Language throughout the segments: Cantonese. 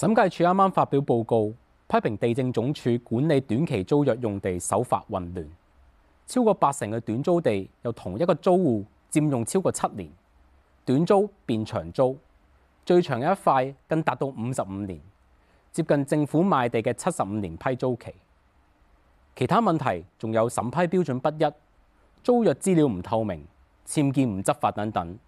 審計署啱啱發表報告，批評地政總署管理短期租約用地手法混亂，超過八成嘅短租地由同一個租戶佔用超過七年，短租變長租，最長嘅一塊更達到五十五年，接近政府賣地嘅七十五年批租期。其他問題仲有審批標準不一、租約資料唔透明、僭建唔執法等等。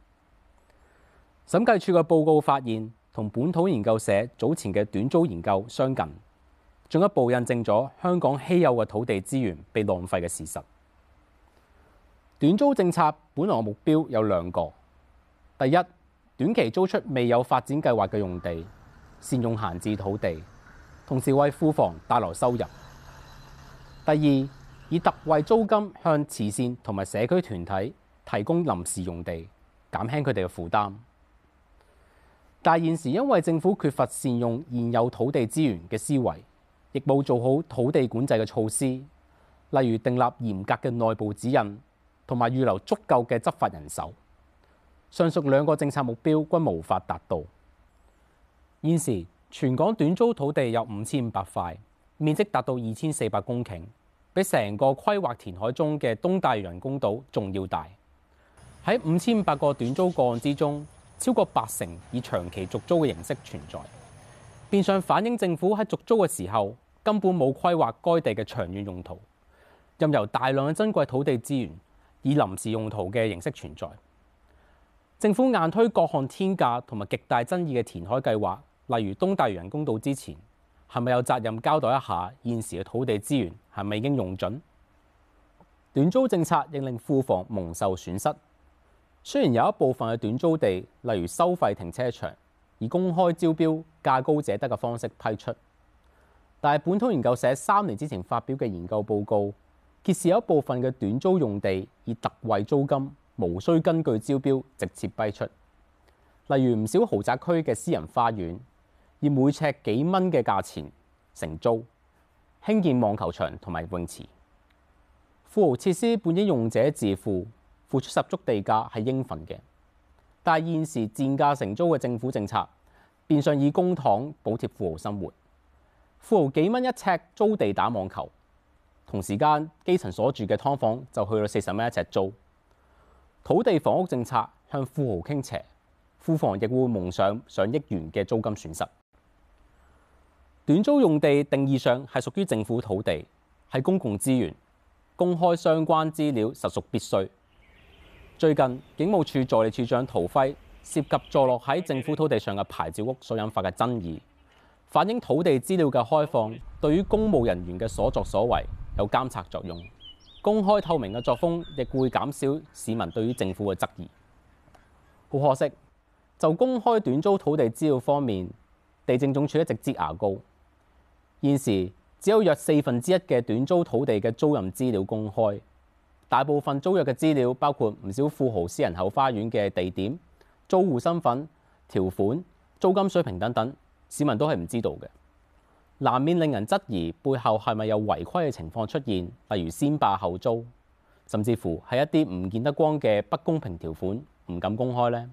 審計署嘅報告發現，同本土研究社早前嘅短租研究相近，進一步印證咗香港稀有嘅土地資源被浪費嘅事實。短租政策本來目標有兩個：第一，短期租出未有發展計劃嘅用地，善用閒置土地，同時為庫房帶來收入；第二，以特惠租金向慈善同埋社區團體提供臨時用地，減輕佢哋嘅負擔。但現時因為政府缺乏善用現有土地資源嘅思維，亦冇做好土地管制嘅措施，例如訂立嚴格嘅內部指引，同埋預留足夠嘅執法人手，上述兩個政策目標均無法達到。現時全港短租土地有五千五百塊，面積達到二千四百公頃，比成個規劃填海中嘅東大嶼人工島仲要大。喺五千五百個短租個案之中，超過八成以長期續租嘅形式存在，變相反映政府喺續租嘅時候根本冇規劃該地嘅長遠用途，任由大量嘅珍貴土地資源以臨時用途嘅形式存在。政府硬推各項天價同埋極大爭議嘅填海計劃，例如東大嶼人工島之前，係咪有責任交代一下現時嘅土地資源係咪已經用盡？短租政策亦令庫房蒙受損失。雖然有一部分嘅短租地，例如收費停車場，以公開招標價高者得嘅方式批出，但係本土研究社三年之前發表嘅研究報告，揭示有一部分嘅短租用地以特惠租金，無需根據招標直接批出，例如唔少豪宅區嘅私人花園，以每尺幾蚊嘅價錢承租，興建網球場同埋泳池，富豪設施本應用者自負。付出十足地價係應份嘅，但係現時賤價成租嘅政府政策，變相以公帑補貼富豪生活。富豪幾蚊一尺租地打網球，同時間基層所住嘅劏房就去到四十蚊一尺租。土地房屋政策向富豪傾斜，庫房亦會蒙上上億元嘅租金損失。短租用地定義上係屬於政府土地，係公共資源，公開相關資料實屬必須。最近，警務處助理處長陶輝涉及坐落喺政府土地上嘅牌照屋所引發嘅爭議，反映土地資料嘅開放對於公務人員嘅所作所為有監察作用，公開透明嘅作風亦會減少市民對於政府嘅質疑。好可惜，就公開短租土地資料方面，地政總署一直擠牙膏，現時只有約四分之一嘅短租土地嘅租賃資料公開。大部分租約嘅資料，包括唔少富豪私人後花園嘅地點、租戶身份、條款、租金水平等等，市民都係唔知道嘅，難免令人質疑背後係咪有違規嘅情況出現，例如先霸後租，甚至乎係一啲唔見得光嘅不公平條款，唔敢公開呢。